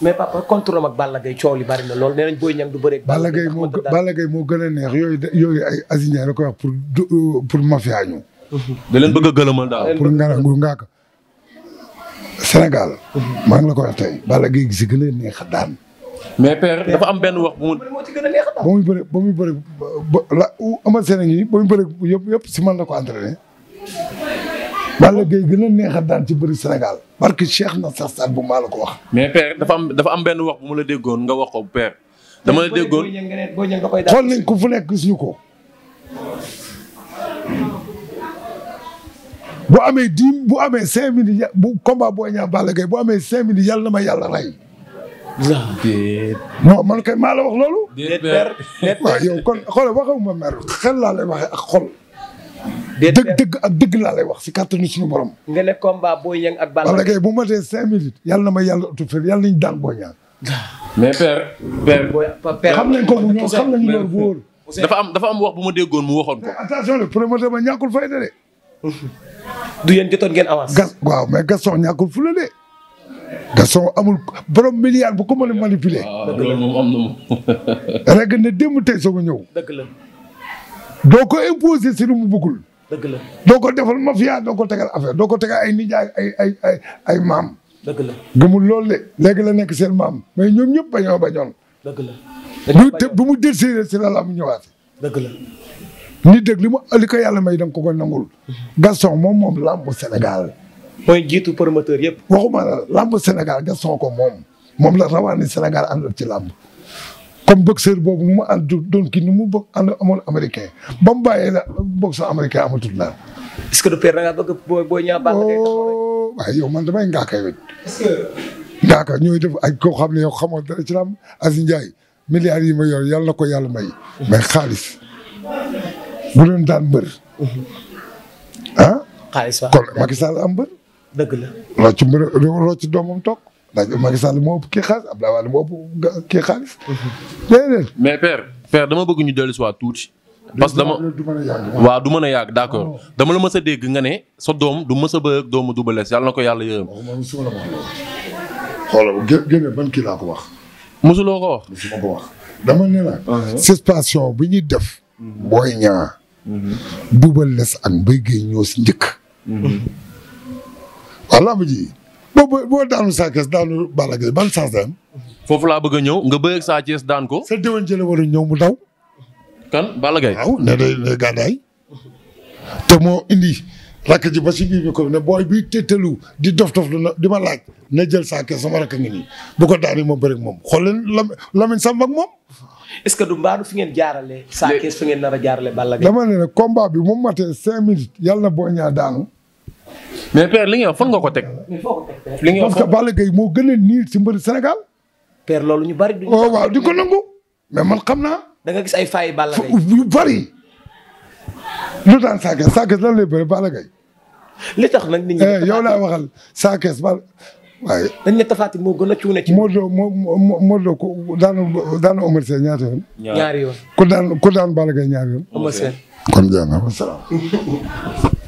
mais papa contre am ak Balla Gaye li bari na lool nee nañ Boy Niang moo Balla moo gën a neex yooyu yooyu ay Aziz Ndiaye la koy wax pour euh, pour mafia ñu. da leen bëgg a gëlëmal daal. pour nga a ngaa ko Sénégal. maa ngi la ko wax tey Balla Gaye gis gën a neex daan. mais père dafa am benn wax bu mu. ba muy bëre ba muy bëre ba la Amath Sénégal yi ba muy bëre yëpp yëpp si man la ko entraîné. Balla Gaye gën a neex a daan ci bëri Sénégal. parce que Cheikh na sax saat bu maa la ko wax. mais père dafa am dafa am benn wax bu ma la déggoon nga wax ko per dama la déggoon xool nañ ko fu nekk gis ñu ko. bu amee dix bu amee cinq minutes bu combat boo ñaa amee cinq minutes yàlla na ma yàlla rey. déet. non man kay maa wax loolu. déet père déet yow kon xoolal waxuma mer xel laa lay waxee ak xol. dëgg dëgg ak dëgg laa lay wax si kàttanu suñu borom. nga ne combat Boy Niang ak Balla Gaye bu matee minutes. yàlla na ma yàlla utu fële yàlla nañu daan Boy Niang. mais père. père booy xam nañ ko bu ñëw xam nañ loolu bu wóor. dafa am dafa am wax bu ma déggoon mu waxoon ko. attention le promoteur ma ñàkkul fayda de. du yéen jotoon ngeen avance. gas waaw mais Gaston ñàkkul fu la de. Gaston amul borom milliard bu ko mën a manipuler. waaw ah, loolu moom am na moom. rek ne démb tey soog ñëw. la. doo ko imposer si lu mu bëggul. dëgg la doo ko defal mafia doo ko tegal affaire doo ko tegal ay nijaay ay ay ay ay maam. dëgg la gëmul loolu de léegi la nekk seen maam mais ñoom ñëpp bañoo bañoon. dëgg la bu bu mu décidé si la la mu ñëwaat. dëgg la. ni dëgg li mu li ko yàlla may da ko ko nangul. Gaston moom moom làmb Sénégal. mooy jiitu promoteur yëpp. waxuma la làmb Sénégal Gaston ko moom moom la rawaani Sénégal àndal ci làmb. comme boxeur boobu mu ànd doon kii nu mu bokk ànd amoon la boxe américain amatul la est-ce que du père da ngaa boo boo ñëwaat baax oh, waaye yow man damay ngaakay wécc. est-ce que. ngaaka ñooy def ay koo xam ne yow xamoo dara ci laam Aziz yi ma yor yàlla na ko yàlla may. mais xaalis bu doon daan mbër. ah. xaalis waaw ah? kon Macky Sall am mbër. dëgg ndax Macky Sall moo ëpp kii xaalis Abdoulaye Wade mais per per dama bëgg ñu dellu si tuuti. parce que dama waa du mën a yàgg d' accord dama la mës a dégg nga ne sa doom du mës a bëgg doomu Double Less yàlla na ko yàlla yërëm. waaw man su xoolal génne kii laa ko wax. mosuloo ko wax. mosuma ko wax dama ne la. Ah ñuy def. Mhm. booy ñaa. Mhm. Double ak Mbaye ñoo si njëkk. Mhm. waa lamb boo boo daanu Sa Thiès daanu Balla Gaye ban chance foofu laa bëgg a ñëw nga bëgg ak Sa daan ko. sa déwén jële wala ñëw mu daw. kan Balla Gaye. waaw ne day te moo indi rakk ji ba si biir bi ko ne booy bi tëttalu di dof dof lu di ma laaj na jël Sa Thiès sama rakk ngi nii bu ko daanee moom bëri moom xool leen Lamine Samba ak moom. est-ce que du mbaadu fi ngeen jaarale. Sa Thiès fi ngeen nar a jaarale Balla Gaye. dama ne ne combat bi moom matee cinq minutes yàlla na boo ñaa daanu. mais père li nga wax fan nga ko teg. li nga wax parce que moo gën a niil si mbëri Sénégal. père loolu ñu bari oh, ko waaw di ko nangu mais man xam naa. da nga gis ay faay Balla Gaye yu bari. lu daan saakees saakees lan lay li tax nag nit ñi eh, yow laa waxal saakees ba dañ ne Tapha Tine moo gën a cuune ci. Modou Lo Modou Lo ku daan daan ñaari yoon ku daan ku ñaari yoon.